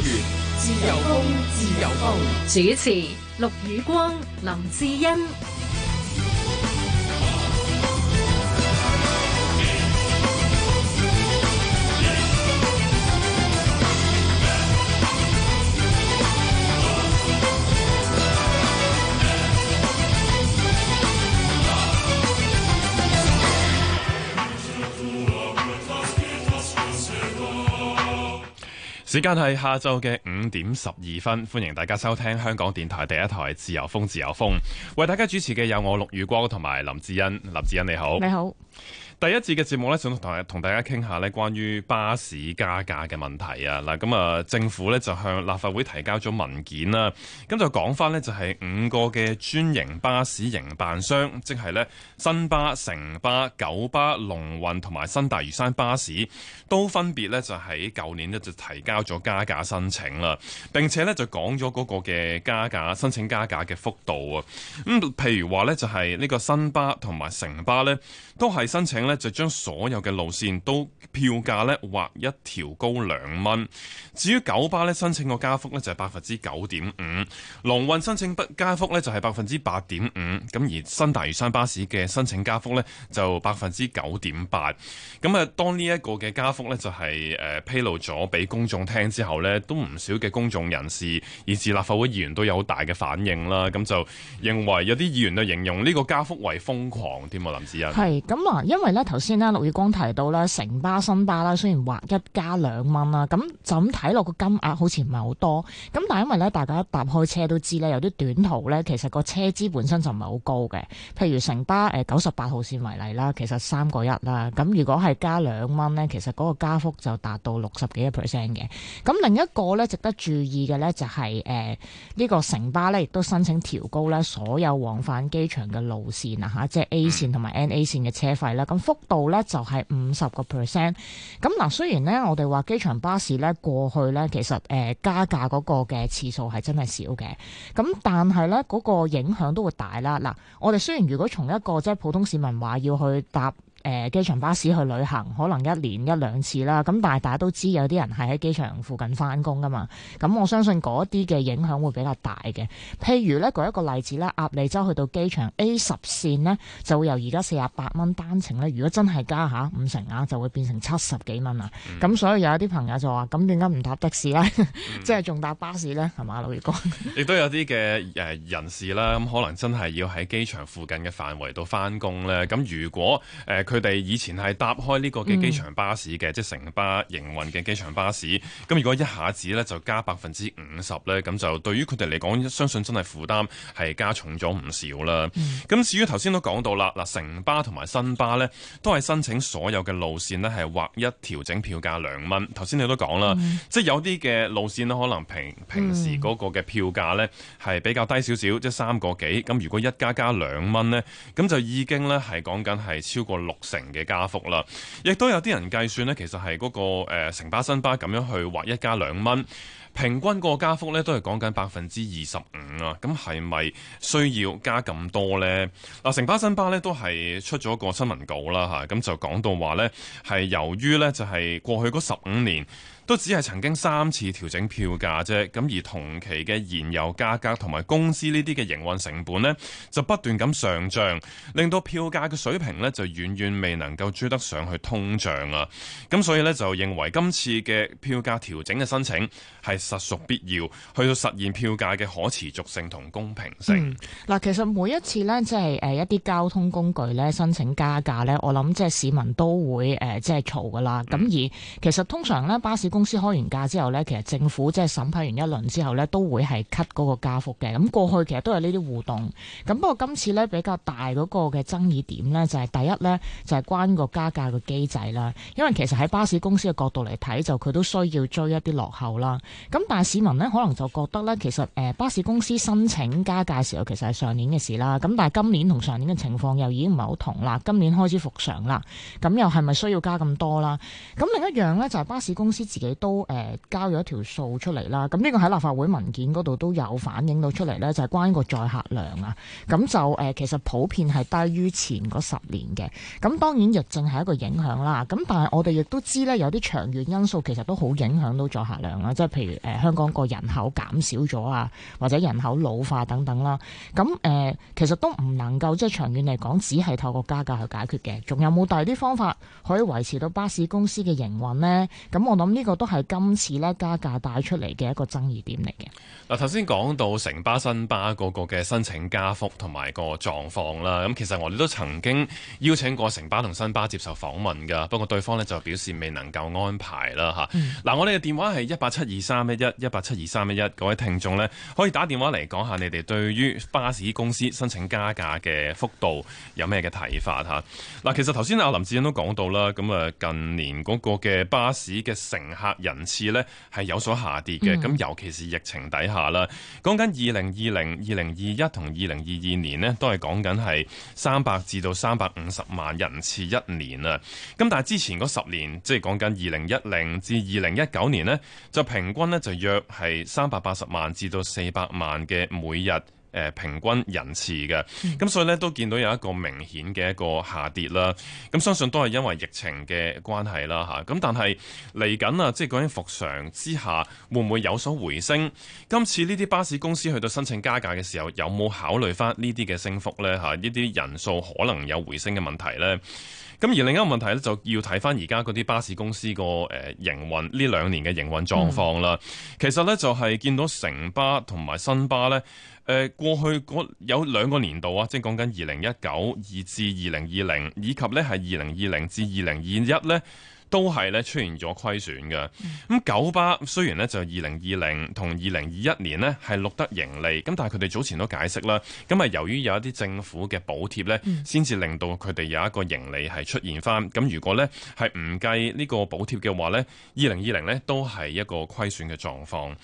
自由風，自由風。主持：陸宇光、林志茵。時間係下晝嘅五點十二分，歡迎大家收聽香港電台第一台自由風自由風。為大家主持嘅有我陸宇光同埋林志恩，林志恩你好。你好。第一節嘅節目咧，想同同大家傾下咧，關於巴士加價嘅問題啊！嗱，咁啊，政府咧就向立法會提交咗文件啦、啊。咁就講翻咧，就係、是、五個嘅專營巴士營辦商，即係咧新巴、城巴、九巴、龍運同埋新大嶼山巴士，都分別咧就喺舊年咧就提交咗加價申請啦。並且咧就講咗嗰個嘅加價申請加價嘅幅度啊。咁譬如話咧，就係、是、呢個新巴同埋城巴咧，都係申請咧。呢就將所有嘅路線都票價咧劃一調高兩蚊，至於九巴咧申請個加幅咧就係百分之九點五，龍運申請不加幅咧就係百分之八點五，咁而新大嶼山巴士嘅申請加幅咧就百分之九點八，咁啊當呢一個嘅加幅咧就係誒披露咗俾公眾聽之後咧，都唔少嘅公眾人士以至立法會議員都有好大嘅反應啦，咁就認為有啲議員就形容呢個加幅為瘋狂添啊，林子欣係咁啊，因為咧。頭先咧，陸宇光提到咧，城巴新巴啦，雖然劃一加兩蚊啦，咁就咁睇落個金額好似唔係好多，咁但係因為咧，大家搭開車都知咧，有啲短途咧，其實個車資本身就唔係好高嘅。譬如城巴誒九十八號線為例啦，其實三個一啦，咁如果係加兩蚊咧，其實嗰個加幅就達到六十幾個 percent 嘅。咁另一個咧，值得注意嘅咧，就是，就係誒呢個城巴咧，亦都申請調高咧所有往返機場嘅路線啊吓，即係 A 線同埋 N A 線嘅車費啦。咁幅度咧就係五十個 percent，咁嗱，雖然咧我哋話機場巴士咧，過去咧其實誒加價嗰個嘅次數係真係少嘅，咁但係咧嗰個影響都會大啦。嗱，我哋雖然如果從一個即係普通市民話要去搭。誒，機場巴士去旅行可能一年一兩次啦，咁但係大家都知道有啲人係喺機場附近翻工噶嘛，咁我相信嗰啲嘅影響會比較大嘅。譬如咧，舉一個例子啦，鴨脷洲去到機場 A 十線呢就會由而家四十八蚊單程咧，如果真係加下五成額，就會變成七十幾蚊啊。咁、嗯、所以有一啲朋友就話，咁點解唔搭的士咧？嗯、 即係仲搭巴士咧？係嘛，老月哥。亦都有啲嘅誒人士啦，咁可能真係要喺機場附近嘅範圍度翻工咧。咁、嗯、如果誒，呃佢哋以前係搭開呢個嘅機場巴士嘅，嗯，即係城巴營運嘅機場巴士。咁如果一下子咧就加百分之五十咧，咁就對於佢哋嚟講相信真係負擔係加重咗唔少啦。咁、嗯、至於頭先都講到啦，嗱城巴同埋新巴咧，都係申請所有嘅路線咧係劃一調整票價兩蚊。頭先你都講啦，嗯，即係有啲嘅路線咧，可能平平時嗰個嘅票價咧係比較低少少，嗯，即係三個幾。咁如果一加加兩蚊咧，咁就已經咧係講緊係超過六。成嘅加幅啦，亦都有啲人計算呢，其實係嗰、那個、呃、城巴新巴咁樣去劃一加兩蚊，平均個加幅呢都係講緊百分之二十五啊。咁係咪需要加咁多呢？嗱、呃，城巴新巴呢都係出咗個新聞稿啦，嚇、啊，咁就講到話呢，係由於呢就係、是、過去嗰十五年。都只係曾經三次調整票價啫，咁而同期嘅燃油價格同埋公司呢啲嘅營運成本呢，就不斷咁上漲，令到票價嘅水平呢，就遠遠未能夠追得上去通脹啊！咁所以呢，就認為今次嘅票價調整嘅申請係實屬必要，去到實現票價嘅可持續性同公平性。嗱、嗯，其實每一次呢，即係誒一啲交通工具呢，申請加價呢，我諗即係市民都會誒即係嘈㗎喇。咁、就是嗯、而其實通常呢巴士公司開完價之後呢，其實政府即係審批完一輪之後呢，都會係 cut 嗰個加幅嘅。咁過去其實都有呢啲互動。咁不過今次呢，比較大嗰個嘅爭議點呢，就係第一呢，就係關個加價嘅機制啦。因為其實喺巴士公司嘅角度嚟睇，就佢都需要追一啲落後啦。咁但係市民呢，可能就覺得呢，其實誒巴士公司申請加價的時候，其實係上年嘅事啦。咁但係今年同上年嘅情況又已經唔係好同啦。今年開始復常啦，咁又係咪需要加咁多啦？咁另一樣呢，就係巴士公司自己都誒、呃、交咗一條數出嚟啦，咁呢個喺立法會文件嗰度都有反映到出嚟咧，就係、是、關於個載客量啊，咁就誒、呃、其實普遍係低於前嗰十年嘅，咁當然疫症係一個影響啦，咁但係我哋亦都知咧，有啲長遠因素其實都好影響到載客量啦，即係譬如誒、呃、香港個人口減少咗啊，或者人口老化等等啦，咁誒、呃、其實都唔能夠即係長遠嚟講只係透過加價去解決嘅，仲有冇第二啲方法可以維持到巴士公司嘅營運咧？咁我諗呢、這個。都係今次咧加價帶出嚟嘅一個爭議點嚟嘅。嗱，頭先講到城巴、新巴嗰個嘅申請加幅同埋個狀況啦。咁其實我哋都曾經邀請過城巴同新巴接受訪問噶，不過對方咧就表示未能夠安排啦。吓，嗱，我哋嘅電話係一八七二三一一一八七二三一一，各位聽眾呢，可以打電話嚟講下你哋對於巴士公司申請加價嘅幅度有咩嘅睇法吓。嗱，其實頭先阿林志恩都講到啦，咁啊近年嗰個嘅巴士嘅乘客。客人次呢係有所下跌嘅，咁尤其是疫情底下啦。講緊二零二零、二零二一同二零二二年呢，都係講緊係三百至到三百五十萬人次一年啊。咁但係之前嗰十年，即係講緊二零一零至二零一九年呢，就平均呢就約係三百八十萬至到四百萬嘅每日。誒平均人次嘅，咁所以呢都見到有一個明顯嘅一個下跌啦。咁相信都係因為疫情嘅關係啦，吓，咁但係嚟緊啊，即係講緊復常之下，會唔會有所回升？今次呢啲巴士公司去到申請加價嘅時候，有冇考慮翻呢啲嘅升幅呢？吓，呢啲人數可能有回升嘅問題呢。咁而另一個問題咧，就要睇翻而家嗰啲巴士公司個誒、呃、營運呢兩年嘅營運狀況啦。其實咧，就係、是、見到城巴同埋新巴咧，誒、呃、過去嗰有兩個年度啊，即係講緊二零一九二至二零二零，以及咧係二零二零至二零二一咧，都係咧出現咗虧損嘅。咁九巴雖然咧就二零二零同二零二一年呢係錄得盈利，咁但係佢哋早前都解釋啦，咁係由於有一啲政府嘅補貼咧，先至令到佢哋有一個盈利係出現翻。咁如果咧係唔計呢個補貼嘅話咧，二零二零咧都係一個虧損嘅狀況。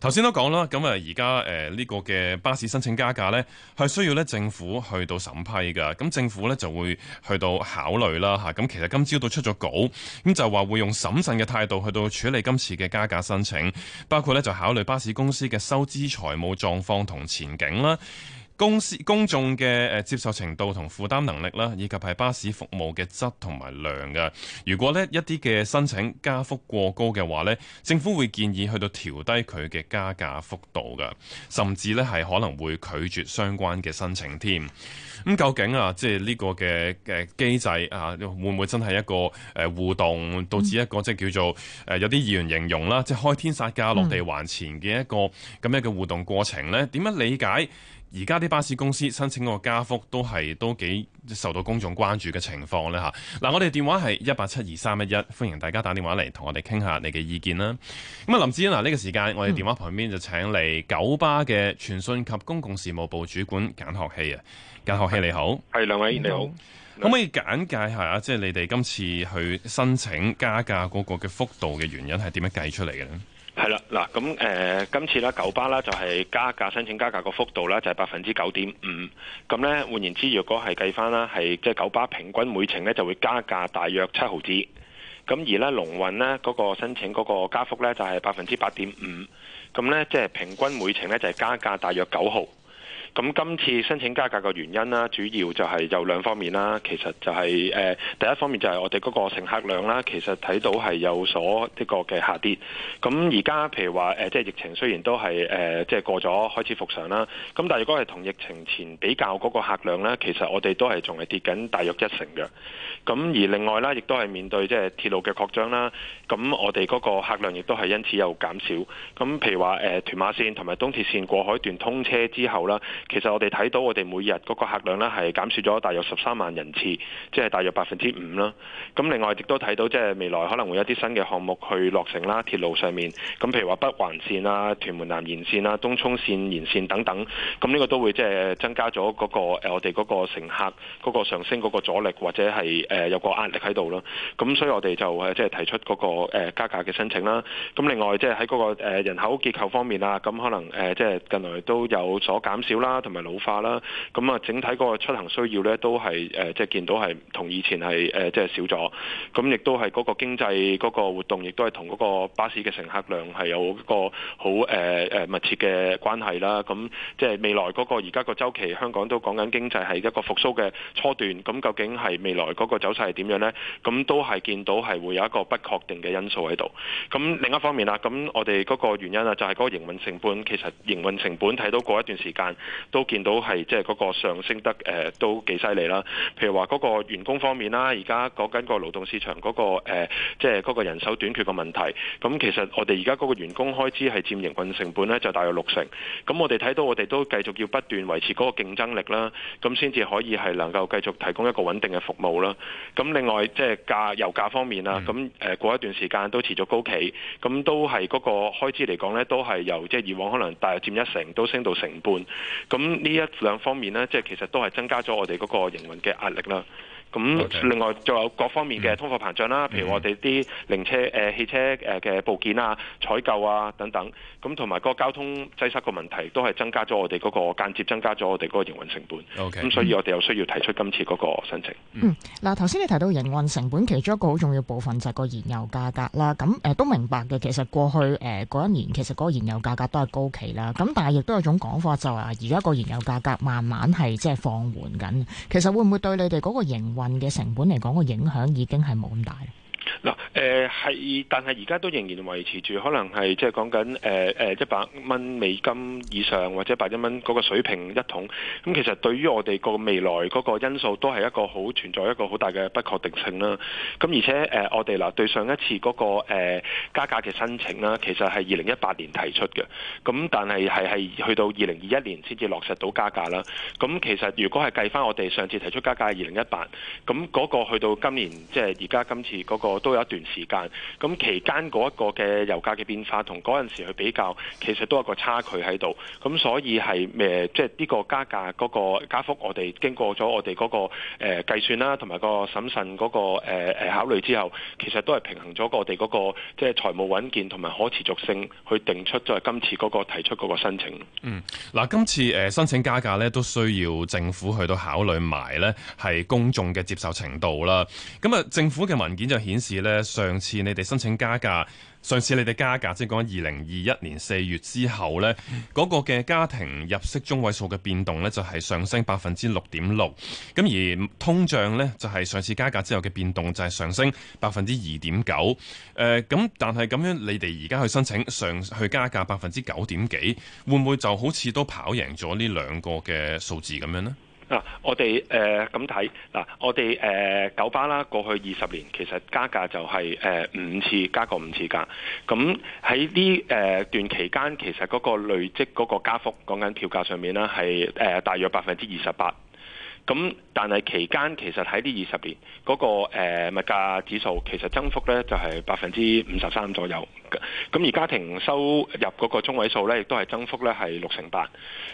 頭先都講啦，咁啊而家誒呢個嘅巴士申請加價呢，係需要咧政府去到審批㗎。咁政府呢就會去到考慮啦吓，咁其實今朝都出咗稿，咁就話會用審慎嘅態度去到處理今次嘅加價申請，包括呢就考慮巴士公司嘅收支財務狀況同前景啦。公司、公眾嘅接受程度同負擔能力啦，以及係巴士服務嘅質同埋量㗎。如果呢一啲嘅申請加幅過高嘅話呢，政府會建議去到調低佢嘅加價幅度㗎，甚至呢係可能會拒絕相關嘅申請添。咁究竟啊，即係呢個嘅嘅機制啊，會唔會真係一個互動導致一個即係叫做有啲議員形容啦、嗯，即係開天殺價、落地還錢嘅一個咁樣嘅互動過程呢？點樣理解？而家啲巴士公司申請嗰個加幅都係都幾受到公眾關注嘅情況咧嚇。嗱、啊啊，我哋電話係一八七二三一一，歡迎大家打電話嚟同我哋傾下你嘅意見啦。咁啊，啊，林志子嗱呢個時間，我哋電話旁邊就請嚟九巴嘅傳訊及公共事務部主管簡學悕啊。簡學悕你好，係兩位你好，嗯、你好，可唔可以簡介下啊？即、就、係、是、你哋今次去申請加價嗰個嘅幅度嘅原因係點樣計出嚟嘅呢？係啦，嗱咁誒，今次咧九巴啦，就係加價申請加價個幅度咧就係百分之九點五，咁咧換言之，若果係計翻啦，係即係九巴平均每程咧就會加價大約七毫子，咁而咧龍運咧嗰個申請嗰個加幅咧就係百分之八點五，咁咧即係平均每程咧就係加價大約九毫。咁今次申請加價嘅原因啦，主要就係有兩方面啦。其實就係、是、誒、呃、第一方面就係我哋嗰個乘客量啦，其實睇到係有所呢個嘅下跌。咁而家譬如話誒、即係疫情雖然都係即係過咗開始復常啦，咁但係如果係同疫情前比較嗰個客量呢，其實我哋都係仲係跌緊，大約一成嘅。咁而另外啦，亦都係面對即係鐵路嘅擴張啦，咁我哋嗰個客量亦都係因此有減少。咁譬如話、呃、屯馬線同埋東鐵線過海段通車之後啦。其實我哋睇到我哋每日嗰個客量呢係減少咗大約十三萬人次，即係大約百分之五啦。咁另外亦都睇到即係未來可能會有啲新嘅項目去落成啦，鐵路上面咁，譬如話北環線啦、屯門南延線啦、東涌線延線等等，咁呢個都會即係增加咗嗰個誒我哋嗰個乘客嗰個上升嗰個阻力或者係誒有個壓力喺度咯。咁所以我哋就即係提出嗰個誒加價嘅申請啦。咁另外即係喺嗰個誒人口結構方面啊，咁可能誒即係近來都有所減少啦。同埋老化啦，咁啊，整體嗰個出行需要咧，都係誒即係見到係同以前係誒即係少咗。咁亦都係嗰個經濟嗰個活動，亦都係同嗰個巴士嘅乘客量係有一個好誒誒密切嘅關係啦。咁即係未來嗰個而家個周期，香港都講緊經濟係一個復蘇嘅初段。咁究竟係未來嗰個走勢係點樣咧？咁都係見到係會有一個不確定嘅因素喺度。咁另一方面啦，咁我哋嗰個原因啊，就係嗰個營運成本，其實營運成本睇到過一段時間。都見到係即係嗰個上升得誒、呃、都幾犀利啦。譬如話嗰個員工方面啦，而家講緊個勞動市場嗰個誒，即係嗰個人手短缺嘅問題。咁其實我哋而家嗰個員工開支係佔營運成本咧，就大約六成。咁我哋睇到我哋都繼續要不斷維持嗰個競爭力啦，咁先至可以係能夠繼續提供一個穩定嘅服務啦。咁另外即係價油價方面啦，咁誒過一段時間都持續高企，咁都係嗰個開支嚟講咧，都係由即係以往可能大約佔一成，都升到成半。咁呢一兩方面呢，即係其實都係增加咗我哋嗰個營運嘅壓力啦。咁另外仲有各方面嘅通貨膨脹啦，譬、嗯、如我哋啲零車誒、呃、汽車誒嘅部件啊、採購啊等等，咁同埋個交通擠塞個問題都係增加咗我哋嗰、嗰個間接增加咗我哋嗰個營運成本。咁、嗯嗯、所以我哋有需要提出今次嗰個申請。嗯，嗱頭先你提到營運成本，其中一個好重要部分就係個燃油價格啦。咁誒、呃、都明白嘅，其實過去誒嗰、呃、一年其實嗰個燃油價格都係高企啦。咁但係亦都有一種講法就話而家個燃油價格慢慢係即係放緩緊，其實會唔會對你哋個營營運嘅成本嚟講，個影響已經係冇咁大。嗱、呃，誒係，但係而家都仍然維持住，可能係即係講緊誒誒一百蚊美金以上或者百一蚊嗰個水平一桶。咁其實對於我哋個未來嗰個因素都係一個好存在一個好大嘅不確定性啦。咁而且誒、呃、我哋嗱對上一次嗰、嗰個、呃、加價嘅申請啦，其實係二零一八年提出嘅。咁但係係係去到二零二一年先至落實到加價啦。咁其實如果係計返我哋上次提出加價二零一八，咁嗰個去到今年即係而家今次嗰、嗰個。都有一段時間，咁期間嗰一個嘅油價嘅變化，同嗰陣時去比較，其實都有個差距喺度。咁所以係誒，即係呢個加價嗰個加幅，我哋經過咗我哋嗰個誒計算啦，同埋個審慎嗰個誒誒考慮之後，其實都係平衡咗我哋嗰個即係財務穩健同埋可持續性去定出咗，嗯。今次嗰個提出嗰個申請，嗯，嗱，今次誒申請加價咧，都需要政府去到考慮埋咧，係公眾嘅接受程度啦。咁啊，政府嘅文件就顯示。咧上次你哋申請加價，上次你哋加價，即係講二零二一年四月之後呢嗰個嘅家庭入息中位數嘅變動呢，就係上升百分之六點六，咁而通脹呢，就係上次加價之後嘅變動就係上升百分之二點九，誒咁，但係咁樣你哋而家去申請上去加價百分之九點幾，會唔會就好似都跑贏咗呢兩個嘅數字咁樣呢？嗱、啊，我哋誒咁睇，嗱、呃啊，我哋誒、呃、九巴啦，過去二十年其實加價就係、是、誒、呃、五次加過五次價，咁喺呢誒段期間，其實嗰個累積嗰個加幅，講緊票價上面啦，係誒、呃、大約百分之二十八，咁但係期間其實喺呢二十年嗰、那個、呃、物價指數，其實增幅咧就係百分之五十三左右。咁而家庭收入嗰個中位數咧，亦都係增幅咧係六成八。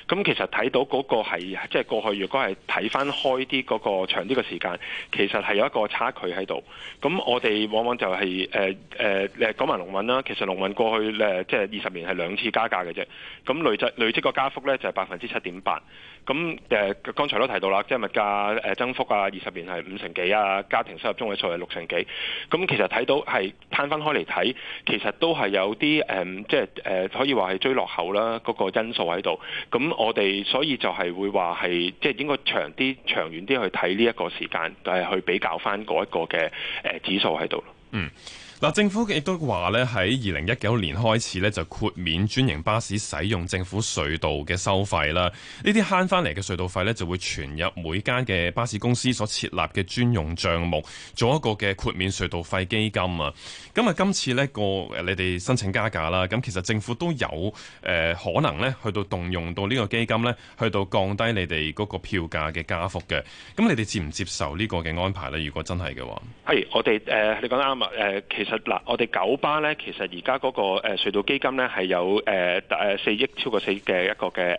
咁其實睇到嗰個係即係過去，如果係睇翻開啲嗰個長啲嘅時間，其實係有一個差距喺度。咁我哋往往就係、是呃呃、講埋龍運啦。其實龍運過去呢，即係二十年係兩次加價嘅啫。咁累積累積個加幅咧就係百分之七點八。咁誒剛才都提到啦，即、就、係、是、物價增幅啊，二十年係五成幾啊，家庭收入中位數係六成幾。咁其實睇到係攤分開嚟睇，其實。都係有啲誒、嗯，即係誒、呃，可以話係追落後啦，嗰個因素喺度。咁我哋所以就係會話係，即係應該長啲、長遠啲去睇呢一個時間，就係去比較翻嗰一個嘅誒指數喺度。嗯。嗱，政府亦都話咧，喺二零一九年開始咧，就豁免專營巴士使用政府隧道嘅收費啦。呢啲慳翻嚟嘅隧道費咧，就會存入每間嘅巴士公司所設立嘅專用帳目，做一個嘅豁免隧道費基金啊。咁啊，今次呢個你哋申請加價啦，咁其實政府都有誒可能咧，去到動用到呢個基金咧，去到降低你哋嗰個票價嘅加幅嘅。咁你哋接唔接受呢個嘅安排咧？如果真係嘅話，係我哋誒，你講得啱啊，誒其實。嗱，我哋九巴咧，其實而家嗰個誒隧道基金咧係有誒誒四億超過四億嘅一個嘅誒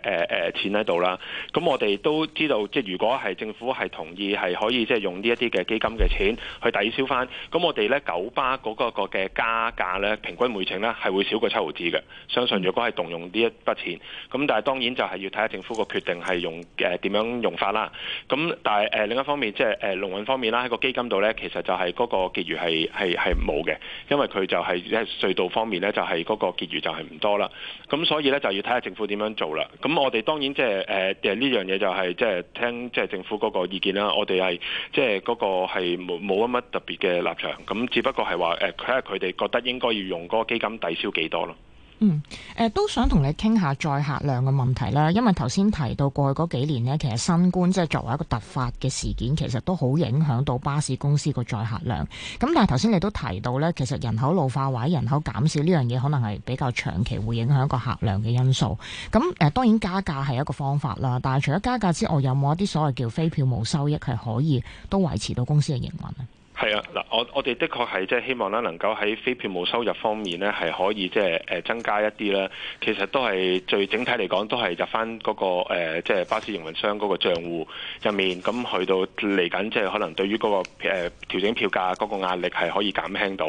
誒錢喺度啦。咁我哋都知道，即係如果係政府係同意係可以即係用呢一啲嘅基金嘅錢去抵消翻，咁我哋咧九巴嗰、嗰個嘅、嗰個、加價咧平均每程咧係會少過七毫子嘅。相信如果係動用呢一筆錢，咁但係當然就係要睇下政府個決定係用誒點、呃、樣用法啦。咁但係誒、呃、另一方面即係誒龍運方面啦，喺個基金度咧，其實就係嗰個結餘係係係冇嘅。因為佢就係喺隧道方面咧，就係嗰個結餘就係唔多啦。咁所以咧就要睇下政府點樣做啦。咁我哋當然即係誒誒呢樣嘢就係即係聽即係政府嗰個意見啦。我哋係即係嗰個係冇冇乜特別嘅立場。咁只不過係話誒睇下佢哋覺得應該要用嗰個基金抵消幾多咯。嗯，誒都想同你傾下載客量嘅問題啦，因為頭先提到過去嗰幾年呢，其實新冠即係作為一個突發嘅事件，其實都好影響到巴士公司個載客量。咁但係頭先你都提到呢，其實人口老化或者人口減少呢樣嘢，可能係比較長期會影響個客量嘅因素。咁誒，當然加價係一個方法啦，但係除咗加價之外，有冇一啲所謂叫非票務收益係可以都維持到公司嘅營運呢？係啊，嗱，我我哋的確係即係希望咧，能夠喺非票務收入方面呢係可以即係誒增加一啲啦。其實都係最整體嚟講，都係入翻嗰個誒即係巴士營運商嗰個賬戶入面，咁去到嚟緊即係可能對於嗰個誒調整票價嗰個壓力係可以減輕到。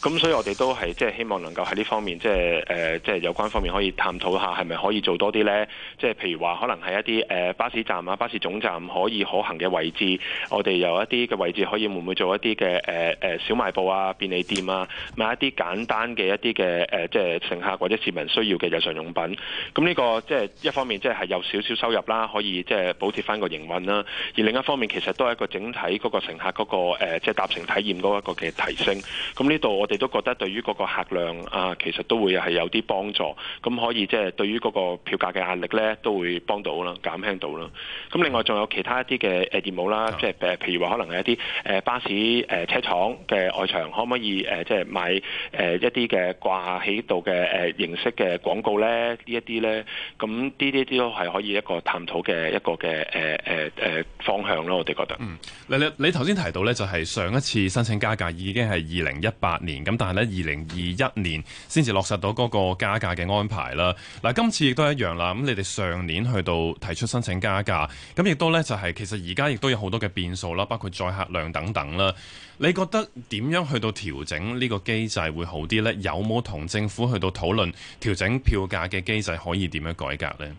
咁所以我哋都係即係希望能夠喺呢方面即係誒即係有關方面可以探討下，係咪可以做多啲呢？即係譬如話可能係一啲誒巴士站啊、巴士總站可以可行嘅位置，我哋有一啲嘅位置可以會唔會做一啲？啲嘅誒誒小賣部啊、便利店啊，買一啲簡單嘅一啲嘅誒，即係乘客或者市民需要嘅日常用品。咁呢個即係一方面即係係有少少收入啦，可以即係補貼翻個營運啦。而另一方面其實都係一個整體嗰個乘客嗰、嗰個、呃、即係搭乘體驗嗰一個嘅提升。咁呢度我哋都覺得對於嗰個客量啊，其實都會係有啲幫助。咁可以即係對於嗰個票價嘅壓力咧，都會幫到啦，減輕到啦。咁另外仲有其他一啲嘅誒業務啦，即係譬如話可能係一啲誒、呃、巴士。誒車廠嘅外牆可唔可以誒，即、呃、係、就是、買誒、呃、一啲嘅掛喺度嘅誒形式嘅廣告咧？這些呢一啲咧，咁呢啲啲都係可以一個探討嘅一個嘅誒誒誒方向咯。我哋覺得，嗯，嗱，你你頭先提到咧，就係上一次申請加價已經係二零一八年，咁但係咧二零二一年先至落實到嗰個加價嘅安排啦。嗱，今次亦都一樣啦。咁你哋上年去到提出申請加價，咁亦都咧就係其實而家亦都有好多嘅變數啦，包括載客量等等啦。你覺得點樣去到調整呢個機制會好啲呢？有冇同政府去到討論調整票價嘅機制可以點樣改革呢？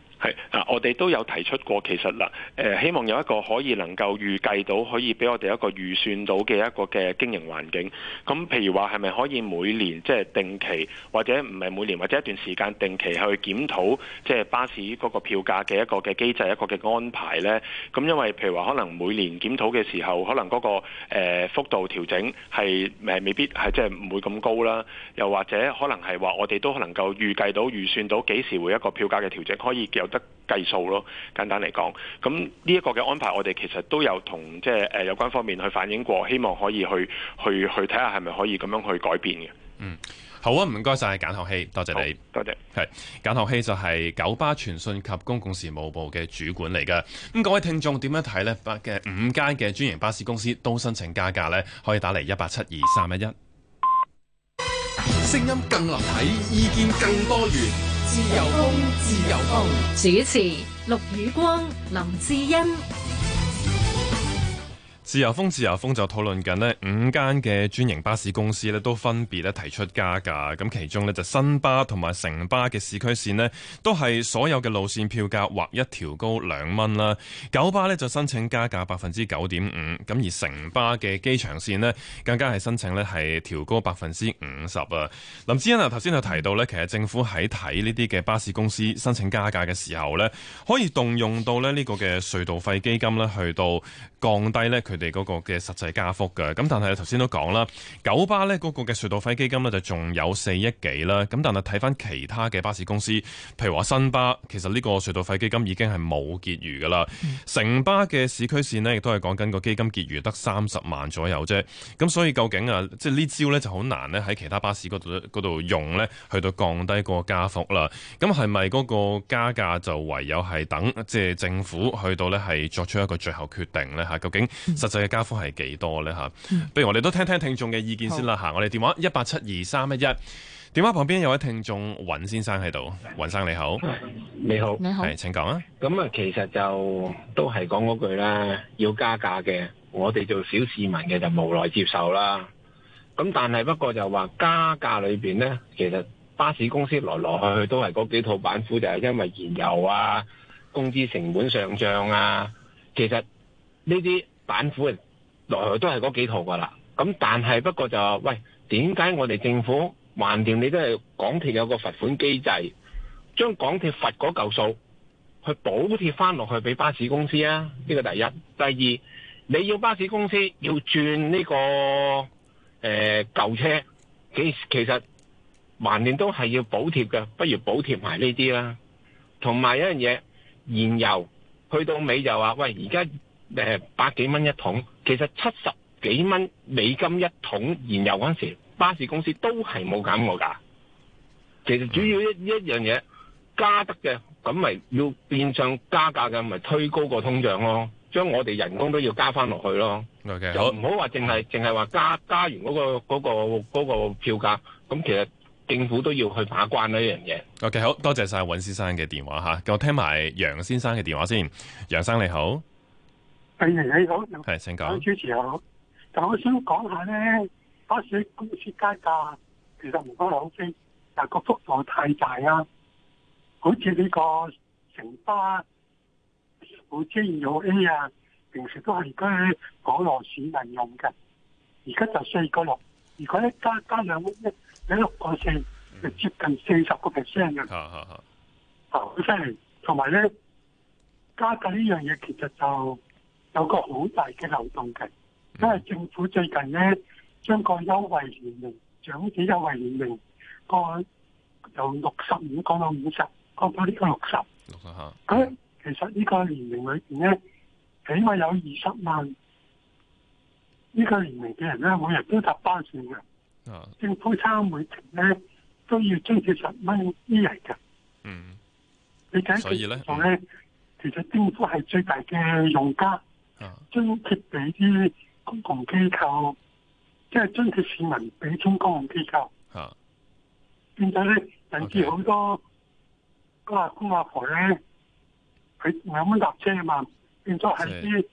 我哋都有提出過，其實啦，誒、呃，希望有一個可以能夠預計到，可以俾我哋一個預算到嘅一個嘅經營環境。咁譬如話，係咪可以每年即係、就是、定期，或者唔係每年或者一段時間定期去檢討，即、就、係、是、巴士嗰個票價嘅一個嘅機制一個嘅安排咧？咁因為譬如話，可能每年檢討嘅時候，可能嗰、那個、呃、幅度調整係未必係即係唔會咁高啦。又或者可能係話，我哋都能夠預計到預算到幾時會一個票價嘅調整可以有得。計數咯，簡單嚟講，咁呢一個嘅安排，我哋其實都有同即係誒有關方面去反映過，希望可以去去去睇下係咪可以咁樣去改變嘅。嗯，好啊，唔該晒簡學悕，多謝你，多謝。係簡學悕就係九巴傳訊及公共事務部嘅主管嚟㗎。咁各位聽眾點樣睇呢？嘅五間嘅專營巴士公司都申請加價呢，可以打嚟一八七二三一一。聲音更立體，意見更多元。自由風，自由風。主持：陸雨光、林志恩。自由風，自由風就討論緊咧，五間嘅專營巴士公司咧都分別咧提出加價，咁其中咧就新巴同埋城巴嘅市區線咧，都係所有嘅路線票價劃一調高兩蚊啦。九巴咧就申請加價百分之九點五，咁而城巴嘅機場線咧更加係申請咧係調高百分之五十啊。林志恩啊，頭先就提到咧，其實政府喺睇呢啲嘅巴士公司申請加價嘅時候咧，可以動用到咧呢個嘅隧道費基金咧，去到降低咧佢哋嗰個嘅實際加幅嘅，咁但係頭先都講啦，九巴呢嗰個嘅隧道費基金呢，就仲有四億幾啦，咁但係睇翻其他嘅巴士公司，譬如話新巴，其實呢個隧道費基金已經係冇結餘噶啦，城、嗯、巴嘅市區線呢，亦都係講緊個基金結餘得三十萬左右啫，咁所以究竟啊，即係呢招呢就好難呢，喺其他巴士嗰度度用呢，去到降低個加幅啦，咁係咪嗰個加價就唯有係等即係政府去到呢，係作出一個最後決定呢吓？究竟就嘅加幅係幾多咧？吓、嗯，不如我哋都聽聽聽眾嘅意見先啦。吓，我哋電話一八七二三一一，1, 8, 7, 2, 3, 1，電話旁邊有位聽眾尹先生喺度。尹生你好，你好，你好，係，請講啊。咁啊，其實就都係講嗰句啦，要加價嘅，我哋做小市民嘅就無奈接受啦。咁但係不過就話加價裏邊呢，其實巴士公司來來去去都係嗰幾套板斧，就係、是、因為燃油啊、工資成本上漲啊，其實呢啲。罰款嘅，來來都係嗰幾套㗎啦。咁但係不過就話，喂，點解我哋政府還掂你都係港鐵有個罰款機制，將港鐵罰嗰嚿數去補貼翻落去俾巴士公司啊？呢個第一，第二，你要巴士公司要轉呢個誒舊車，其其實還掂都係要補貼嘅，不如補貼埋呢啲啦。同埋一樣嘢，燃油去到尾就話，喂，而家。誒，百幾蚊一桶，其實七十幾蚊美金一桶燃油陣時，巴士公司都係冇減過價。其實主要一一樣嘢加得嘅咁咪要變相加價嘅咪推高個通脹咯，將我哋人工都要加翻落去咯。有、okay, 唔好話淨係淨係話加加完嗰、嗰個嗰、嗰個嗰、嗰個票價咁，那其實政府都要去把關呢樣嘢。OK，好多謝晒尹先生嘅電話吓，我聽埋楊先生嘅電話先。楊生你好。譬如你講又，主持我想先講下咧，巴士公司加價，其實唔多，係好飛，但係個幅度太大啊。好似呢個城巴，我知要 A 啊，平時都係居港羅市民用嘅，而家就四個六，如果一加加兩蚊咧，俾六個四，就接近四十、嗯、個 percent 嘅，好好好，好犀利。同埋咧，加價呢樣嘢其實就～有個好大嘅漏洞嘅，因為政府最近咧將個優惠年齡長者優惠年齡個由六十五降到五十，降到呢個六十。咁其實呢個年齡裏邊咧起碼有二十萬呢、呢個年齡嘅人咧每日都搭巴士嘅、嗯。政府差每程咧都要津貼十蚊一嚟嘅。嗯，你睇住就咧，其實政府係最大嘅用家。津貼俾啲公共機構，即係津貼市民俾中公共機構，吓、啊，變咗咧，甚、okay. 至好多嗰、啊、公阿、啊、婆咧，佢兩蚊搭車啊嘛，變咗喺啲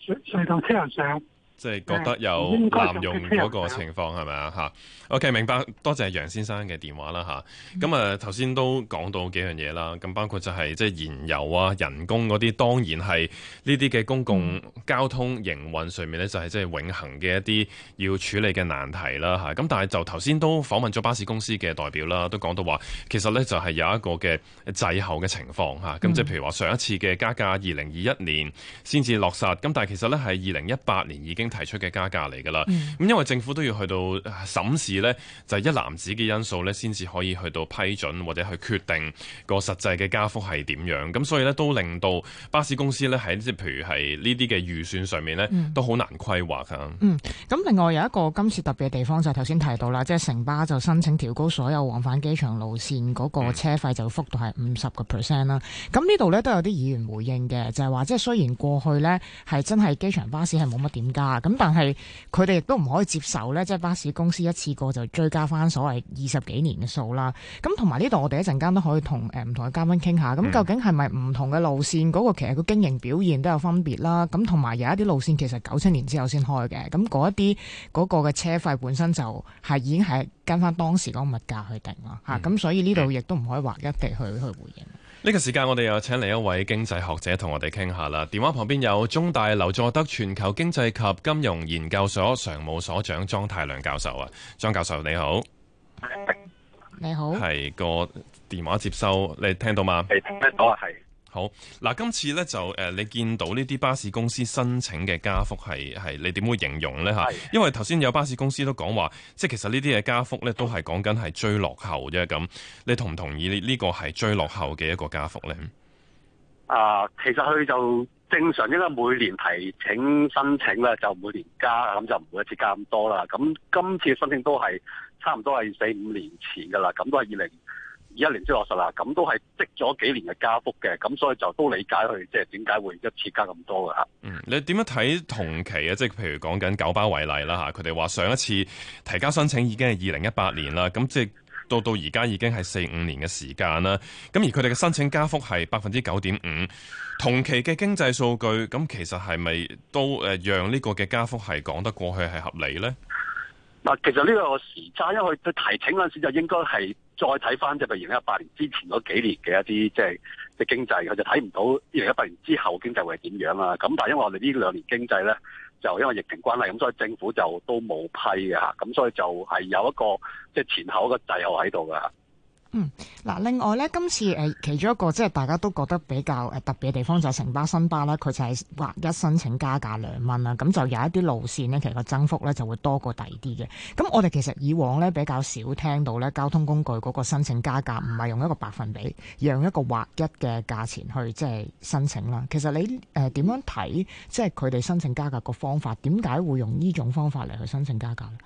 隧隧道車上。即係覺得有濫用嗰個情況，係咪啊？吓 OK 明白，多謝楊先生嘅電話啦吓。咁啊頭先都講到幾樣嘢啦，咁包括就係即係燃油啊、人工嗰啲，當然係呢啲嘅公共交通營運上面咧，就係即係永恒嘅一啲要處理嘅難題啦吓，咁但係就頭先都訪問咗巴士公司嘅代表啦，都講到話其實咧就係有一個嘅滯後嘅情況吓，咁即係譬如話上一次嘅加價二零二一年先至落實，咁但係其實咧係二零一八年已經。提出嘅加價嚟噶啦，咁因為政府都要去到審視咧，就係一籃子嘅因素咧，先至可以去到批准或者去決定個實際嘅加幅係點樣，咁所以咧都令到巴士公司咧喺即係譬如係呢啲嘅預算上面咧，都好難規劃噶。咁、嗯、另外有一個今次特別嘅地方就係頭先提到啦，即係城巴就申請調高所有往返機場路線嗰個車費，就幅度係五十個 percent 啦。咁呢度咧都有啲議員回應嘅，就係話即係雖然過去咧係真係機場巴士係冇乜點加。咁，但係佢哋亦都唔可以接受咧，即係巴士公司一次過就追加翻，所謂二十幾年嘅數啦。咁同埋呢度，我哋一陣間都可以同誒唔同嘅嘉賓傾下，咁、嗯、究竟係咪唔同嘅路線嗰、個其實個經營表現都有分別啦？咁同埋有一啲路線其實九七年之後先開嘅，咁嗰一啲嗰個嘅車費本身就係已經係跟翻當時嗰個物價去定啦吓。咁、嗯啊、所以呢度亦都唔可以劃一地去去回應。呢、這個時間我哋又請嚟一位經濟學者同我哋傾下啦。電話旁邊有中大劉佐德全球經濟及金融研究所常務所長莊太量教授啊，莊教授你好，你好，係個電話接收，你聽到嗎？聽到啊，係。好嗱，今次呢就誒，你見到呢啲巴士公司申請嘅加幅係係，你點會形容呢？吓？因為頭先有巴士公司都講話，即係其實呢啲嘅加幅呢都係講緊係追落後啫。咁你同唔同意呢個係追落後嘅一個加幅呢？啊，其實佢就正常，因為每年提請申請咧，就每年加，咁就唔會一次加咁多啦。咁今次申請都係差唔多係四五年前噶啦，咁都係二零。一年先落實啦，咁都係積咗幾年嘅加幅嘅，咁所以就都理解佢，即係點解會一次加咁多嘅吓。嗯，你點樣睇同期啊？即係譬如講緊九巴為例啦吓，佢哋話上一次提交申請已經係二零一八年啦，咁即係到到而家已經係四五年嘅時間啦。咁而佢哋嘅申請加幅係百分之九點五，同期嘅經濟數據，咁其實係咪都誒讓呢個嘅加幅係講得過去係合理呢？其實呢個,個時差，因為佢提請嗰陣時就應該係再睇翻，即係譬如一八年之前嗰幾年嘅一啲即係即經濟，佢就睇唔到二零一八年之後經濟會點樣啦。咁但係因為我哋呢兩年經濟咧，就因為疫情關係，咁所以政府就都冇批嘅咁所以就係有一個即係、就是、前後一個滯後喺度㗎。嗯，嗱，另外咧，今次誒、呃，其中一個即係大家都覺得比較誒特別嘅地方就係城巴、新巴咧，佢就係劃一申請加價兩蚊啦，咁就有一啲路綫咧，其實個增幅咧就會多過第二啲嘅。咁我哋其實以往咧比較少聽到咧交通工具嗰個申請加價，唔係用一個百分比，而用一個劃一嘅價錢去即係申請啦。其實你誒、呃，點樣睇，即係佢哋申請加價個方法，點解會用呢種方法嚟去申請加價咧？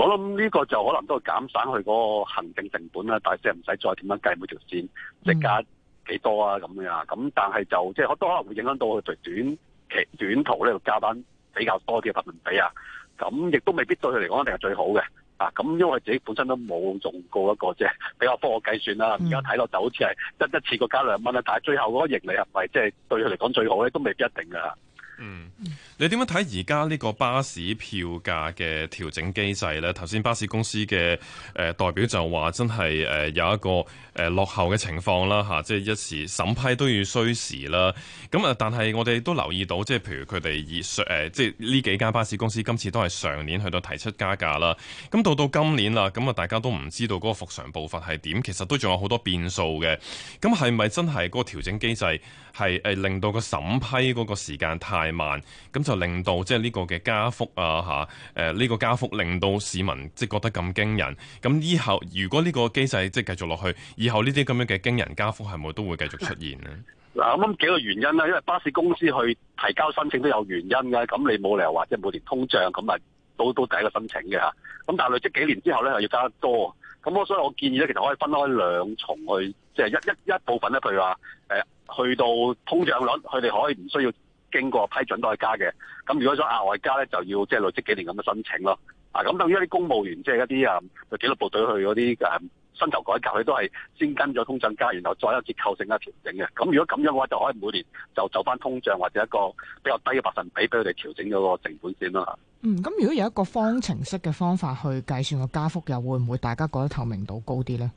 我諗呢個就可能都係減省佢嗰個行政成本啦，但係即係唔使再點樣計每條線即加幾多啊咁樣，咁但係就即係都可能會影響到佢對短期短途呢度加翻比較多啲嘅百分比啊，咁亦都未必對佢嚟講一定係最好嘅啊，咁因為自己本身都冇用過一個啫，比較科學計算啦，而家睇落就好似係一一次過加兩蚊啦，但係最後嗰個盈利係咪即係對佢嚟講最好咧，都未必一定噶。嗯，你點樣睇而家呢個巴士票價嘅調整機制呢？頭先巴士公司嘅、呃、代表就話，真係、呃、有一個誒落後嘅情況啦嚇，即係一時審批都要需時啦。咁啊，但係我哋都留意到，即係譬如佢哋以誒，即係呢幾間巴士公司今次都係上年去到提出加價啦。咁到到今年啦，咁啊大家都唔知道嗰個復常步伐係點，其實都仲有好多變數嘅。咁係咪真係嗰個調整機制係誒令到個審批嗰個時間太慢？咁就令到即係呢個嘅加幅啊吓誒呢個加幅令到市民即係覺得咁驚人。咁以後如果呢個機制即係繼續落去以後呢啲咁樣嘅驚人加幅係咪都會繼續出現咧？嗱，咁幾個原因啦，因為巴士公司去提交申請都有原因噶，咁你冇理由話即係每年通脹咁啊，都都第一個申請嘅吓。咁但係累積幾年之後咧，又要加得多。咁我所以我建議咧，其實可以分開兩重去，即係一一一部分咧，譬如話誒，去到通脹率，佢哋可以唔需要經過批准都係加嘅。咁如果想額外加咧，就要即係累積幾年咁嘅申請咯。嗱，咁等於一啲公務員，即係一啲啊，紀律部隊去嗰啲誒。薪酬改革佢都係先跟咗通脹加，然後再有結構性嘅調整嘅。咁如果咁樣嘅話，就可以每年就走翻通脹或者一個比較低嘅百分比俾佢哋調整咗個成本先啦。嗯，咁如果有一個方程式嘅方法去計算個加幅，又會唔會大家覺得透明度高啲呢？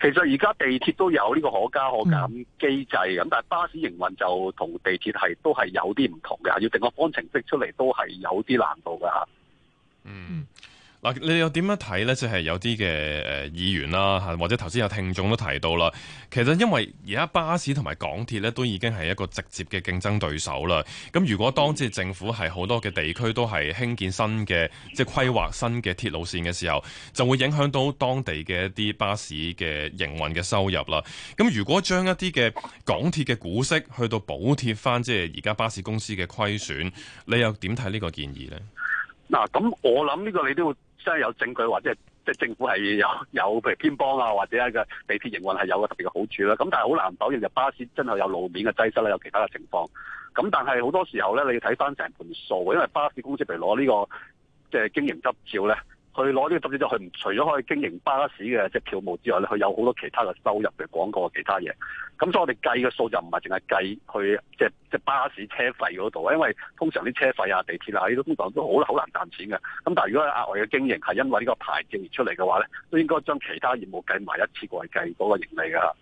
其實而家地鐵都有呢個可加可減機制，咁、嗯、但係巴士營運就同地鐵係都係有啲唔同嘅，要定個方程式出嚟都係有啲難度㗎吓。嗯。嗱，你又點樣睇呢？即係有啲嘅誒議員啦，或者頭先有聽眾都提到啦。其實因為而家巴士同埋港鐵呢，都已經係一個直接嘅競爭對手啦。咁如果當即政府係好多嘅地區都係興建新嘅即係規劃新嘅鐵路線嘅時候，就會影響到當地嘅一啲巴士嘅營運嘅收入啦。咁如果將一啲嘅港鐵嘅股息去到補貼翻，即係而家巴士公司嘅虧損，你又點睇呢個建議呢？嗱，咁我諗呢個你都要。真係有證據或者係即係政府係有有譬如偏幫啊，或者係個地鐵營運係有個特別嘅好處啦。咁但係好難否認，就巴士真係有路面嘅擠塞啦，有其他嘅情況。咁但係好多時候咧，你要睇翻成盤數，因為巴士公司，譬如攞呢個即係經營執照咧。佢攞呢個執照，就佢唔除咗可以經營巴士嘅即係票務之外咧，佢有好多其他嘅收入，嘅廣告嘅其他嘢。咁所以我哋計嘅數就唔係淨係計去即係即係巴士車費嗰度，因為通常啲車費啊、地鐵啊呢啲通常都好好難賺錢嘅。咁但係如果額外嘅經營係因為呢個牌照而出嚟嘅話咧，都應該將其他業務計埋一次過去計嗰個盈利噶。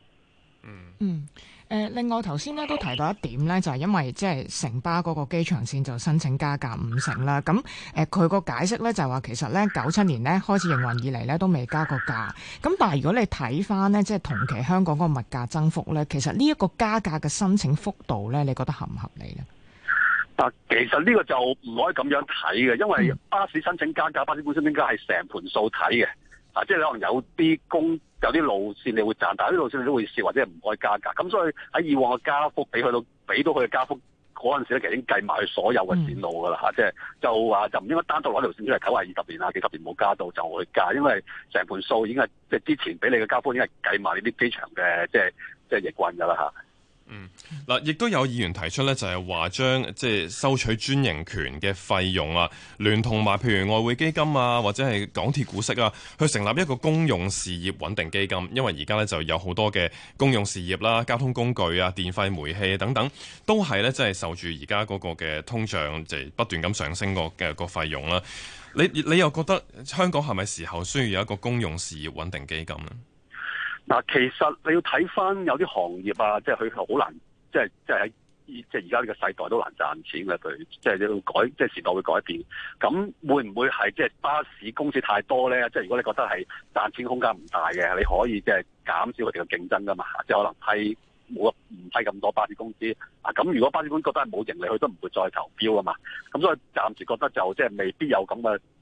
嗯。誒，另外頭先咧都提到一點咧，就係因為即係城巴嗰個機場線就申請加價五成啦。咁誒，佢個解釋咧就話其實咧九七年咧開始營運以嚟咧都未加過價。咁但係如果你睇翻咧，即係同期香港嗰個物價增幅咧，其實呢一個加價嘅申請幅度咧，你覺得合唔合理咧？嗱，其實呢個就唔可以咁樣睇嘅，因為巴士申請加價，巴士本身應該係成盤數睇嘅。啊！即係你可能有啲工有啲路線你會賺，但係啲路線你都會蝕，或者唔可以加價。咁所以喺以往嘅加幅俾佢到俾到佢嘅加幅嗰陣時咧，其實已經計埋佢所有嘅線路㗎啦、mm. 即係就話就唔應該單獨攞條線出嚟。九廿二十年啊，幾十年冇加到就會加，因為成盤數已經係，即係之前俾你嘅加幅已經係計埋呢啲機場嘅，即係即係逆運㗎啦。嗯，嗱，亦都有議員提出咧，就係話將即係收取專營權嘅費用啊，聯同埋譬如外匯基金啊，或者係港鐵股息啊，去成立一個公用事業穩定基金，因為而家咧就有好多嘅公用事業啦、交通工具啊、電費、煤氣等等，都係咧即係受住而家嗰個嘅通脹，就係、是、不斷咁上升個嘅、個費用啦。你你又覺得香港係咪時候需要有一個公用事業穩定基金咧？嗱，其實你要睇翻有啲行業啊，即係佢好難，即係即係喺即係而家呢個世代都難賺錢嘅佢，即係要改，即係時代會改變。咁會唔會係即係巴士公司太多咧？即係如果你覺得係賺錢空間唔大嘅，你可以即係減少佢哋嘅競爭㗎嘛。即係可能批冇唔批咁多巴士公司啊。咁如果巴士公司覺得係冇盈利，佢都唔會再投標啊嘛。咁所以暫時覺得就即係未必有咁嘅。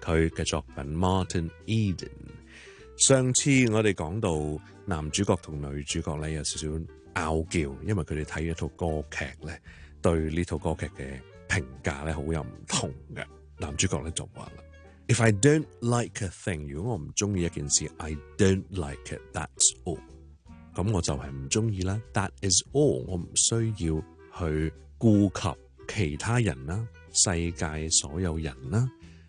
佢嘅作品 Martin Eden。上次我哋講到男主角同女主角咧有少少拗撬，因為佢哋睇一套歌劇咧，對呢套歌劇嘅評價咧好有唔同嘅。男主角咧就話啦：If I don't like a thing，如果我唔中意一件事，I don't like it。That's all。咁我就係唔中意啦。That is all。我唔需要去顧及其他人啦，世界所有人啦。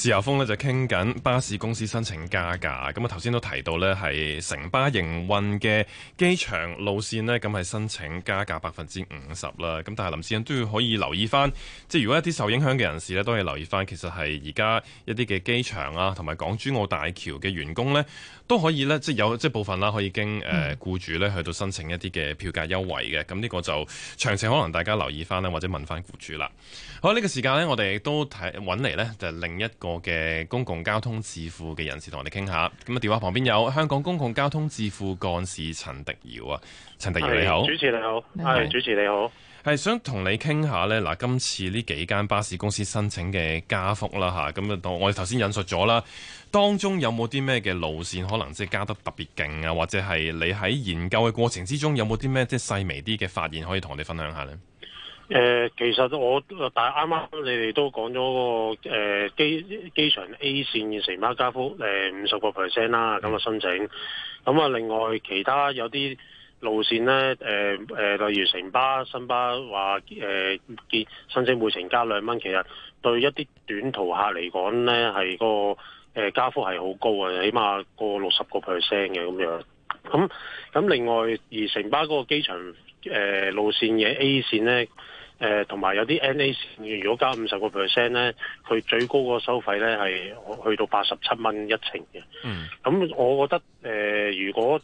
自由風呢就傾緊巴士公司申請加價，咁啊頭先都提到呢係城巴營運嘅機場路線呢咁係申請加價百分之五十啦。咁但係林先生都要可以留意翻，即係如果一啲受影響嘅人士呢都係留意翻，其實係而家一啲嘅機場啊，同埋港珠澳大橋嘅員工呢都可以呢即係有即係部分啦，可以經誒僱主呢去到申請一啲嘅票價優惠嘅。咁、嗯、呢、這個就詳情，可能大家留意翻呢或者問翻僱主啦。好，呢、這個時間呢，我哋都睇搵嚟呢，就另一個。我嘅公共交通智庫嘅人士同我哋傾下，咁啊電話旁邊有香港公共交通智庫幹事陳迪遙啊，陳迪遙你好，主持你好，係主持你好，係想同你傾下咧嗱，今次呢幾間巴士公司申請嘅加幅啦吓，咁啊當我哋頭先引述咗啦，當中有冇啲咩嘅路線可能即係加得特別勁啊，或者係你喺研究嘅過程之中有冇啲咩即係細微啲嘅發現可以同我哋分享下咧？誒、呃，其實我但係啱啱你哋都講咗、個誒、呃、機機場 A 線城巴加幅誒五十個 percent 啦，咁嘅申請。咁啊，另外其他有啲路線呢，誒、呃、誒，例如城巴、新巴話誒建申請每程加兩蚊，其實對一啲短途客嚟講呢，係、個誒、呃、加幅係好高啊，起碼過六十個 percent 嘅咁樣。咁咁另外而城巴嗰個機場、呃、路線嘅 A 線呢。誒同埋有啲 NA 線如果加五十個 percent 咧，佢最高個收費咧係去到八十七蚊一程嘅。嗯，咁我覺得誒、呃，如果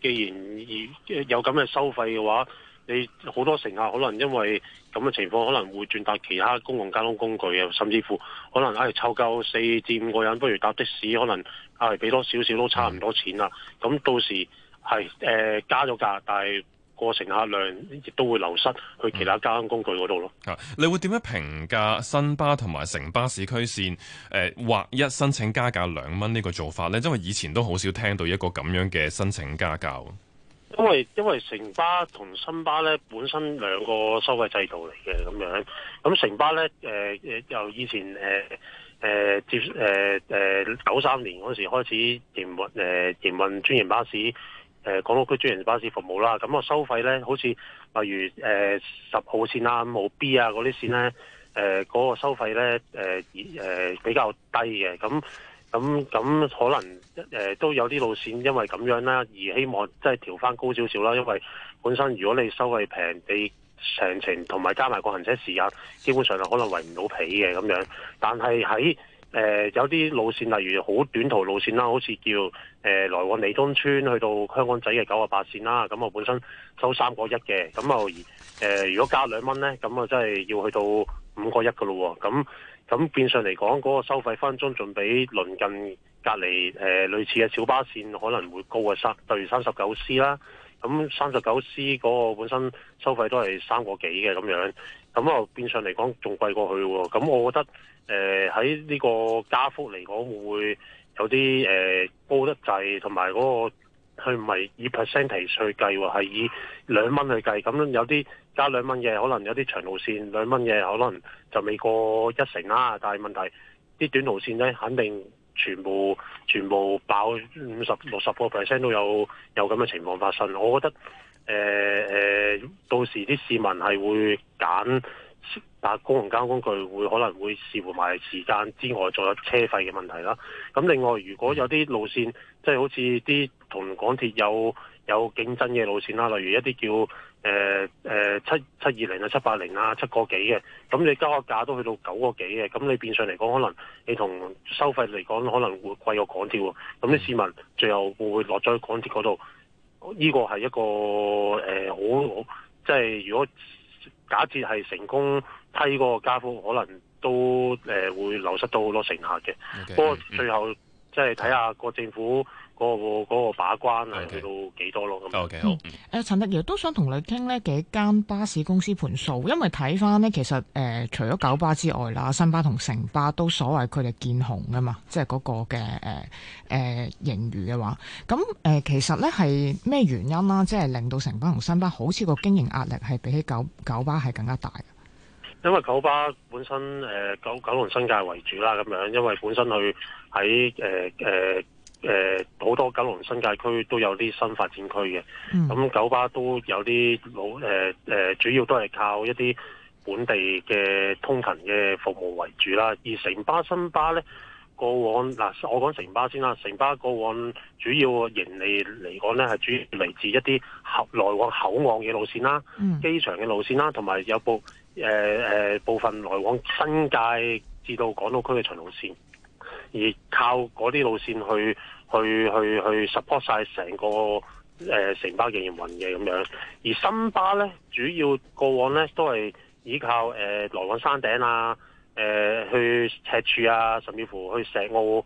既然有咁嘅收費嘅話，你好多乘客可能因為咁嘅情況，可能會轉搭其他公共交通工具啊，甚至乎可能唉湊、哎、夠四至五個人，不如搭的士，可能唉俾、哎、多少少都差唔多錢啦。咁、嗯、到時係誒、呃、加咗價，但係。過乘客量亦都會流失去其他交通工具嗰度咯。啊、嗯，你會點樣評價新巴同埋城巴市區線誒、呃、劃一申請加價兩蚊呢個做法呢？因為以前都好少聽到一個咁樣嘅申請加價。因為因為城巴同新巴咧本身兩個收費制度嚟嘅咁樣，咁城巴咧誒誒由以前誒誒、呃、接誒誒、呃呃呃、九三年嗰時開始營運誒、呃、營運專營巴士。誒港島區專營巴士服務啦，咁、那、我、個、收費呢，好似例如誒十、呃、號線啊、冇 B 啊嗰啲線呢，誒、呃、嗰、那個收費呢誒、呃呃、比較低嘅，咁咁咁可能誒、呃、都有啲路線因為咁樣啦，而希望即係調翻高少少啦，因為本身如果你收費平，你成程同埋加埋個行車時間，基本上就可能圍唔到皮嘅咁樣，但係喺誒、呃、有啲路線，例如好短途路線啦，好似叫誒、呃、來往利東邨去到香港仔嘅九十八線啦，咁我本身收三個一嘅，咁我誒、呃、如果加兩蚊咧，咁啊真係要去到五個一㗎咯喎，咁咁變相嚟講，嗰、那個收費分分鐘仲比鄰近隔籬誒、呃、類似嘅小巴線可能會高啊三，對三十九 C 啦，咁三十九 C 嗰個本身收費都係三個幾嘅咁樣，咁啊變相嚟講仲貴過去喎，咁我覺得。誒喺呢個加幅嚟講，會有啲誒高得滯，同埋嗰個佢唔係以 percent 提稅計喎，係以兩蚊去計。咁有啲加兩蚊嘅，可能有啲長路線兩蚊嘅，可能就未過一成啦。但係問題啲短路線咧，肯定全部全部爆五十六十個 percent 都有，有咁嘅情況發生。我覺得誒、呃、到時啲市民係會揀。啊，公共交通工具會可能會視乎埋時間之外，仲有車費嘅問題啦。咁另外，如果有啲路線，即、就、係、是、好似啲同港鐵有有競爭嘅路線啦，例如一啲叫誒誒、呃、七七二零啊、七八零啊、七個幾嘅，咁你加個價都去到九個幾嘅，咁你變相嚟講，可能你同收費嚟講，可能會貴過港鐵喎。咁啲市民最後會唔會落咗去港鐵嗰度？呢、這個係一個誒好、呃、好，即係、就是、如果假設係成功。批個加幅，可能都誒、呃、會流失到好多乘客嘅。Okay, 不過最後、嗯、即係睇下個政府嗰、嗰個嗰個把關係去到幾多咯。咁、okay, 嗯 okay, 好誒、嗯呃、陳迪遙都想同你傾呢幾間巴士公司盤數，因為睇翻呢，其實誒、呃、除咗九巴之外啦，新巴同城巴都所謂佢哋見紅啊嘛，即係嗰個嘅誒誒盈餘嘅話咁誒、呃。其實咧係咩原因啦？即係令到城巴同新巴好似個經營壓力係比起九九巴係更加大。因為九巴本身誒、呃、九九龍新界為主啦，咁樣因為本身佢喺誒誒誒好多九龍新界區都有啲新發展區嘅，咁、嗯、九巴都有啲老誒誒、呃呃，主要都係靠一啲本地嘅通勤嘅服務為主啦。而城巴新巴呢，過往嗱、呃、我講城巴先啦，城巴過往主要盈利嚟講呢，係主要嚟自一啲口來往口岸嘅路線啦、嗯、機場嘅路線啦，同埋有部誒、呃呃、部分來往新界至到港島區嘅長路線，而靠嗰啲路線去去去去 support 晒成個誒、呃、城巴嘅營運嘅咁樣。而新巴咧，主要過往咧都係依靠誒、呃、來往山頂啊、誒、呃、去赤柱啊，甚至乎去石澳誒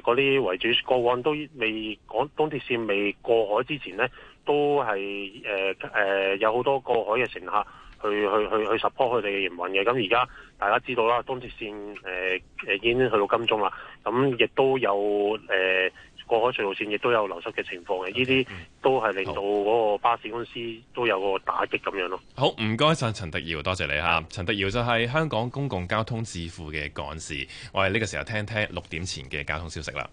嗰啲為主。過往都未港東鐵線未過海之前咧，都係誒、呃呃、有好多過海嘅乘客。去去去去 support 佢哋嘅營運嘅，咁而家大家知道啦，東鐵線誒誒、呃、已經去到金鐘啦，咁亦都有誒、呃、過海隧道線亦都有流失嘅情況嘅，呢啲都係令到嗰個巴士公司都有個打擊咁樣咯。好，唔該晒，陳迪遙，多謝，謝你嚇。陳迪遙就係香港公共交通智庫嘅幹事，我哋呢個時候聽聽六點前嘅交通消息啦。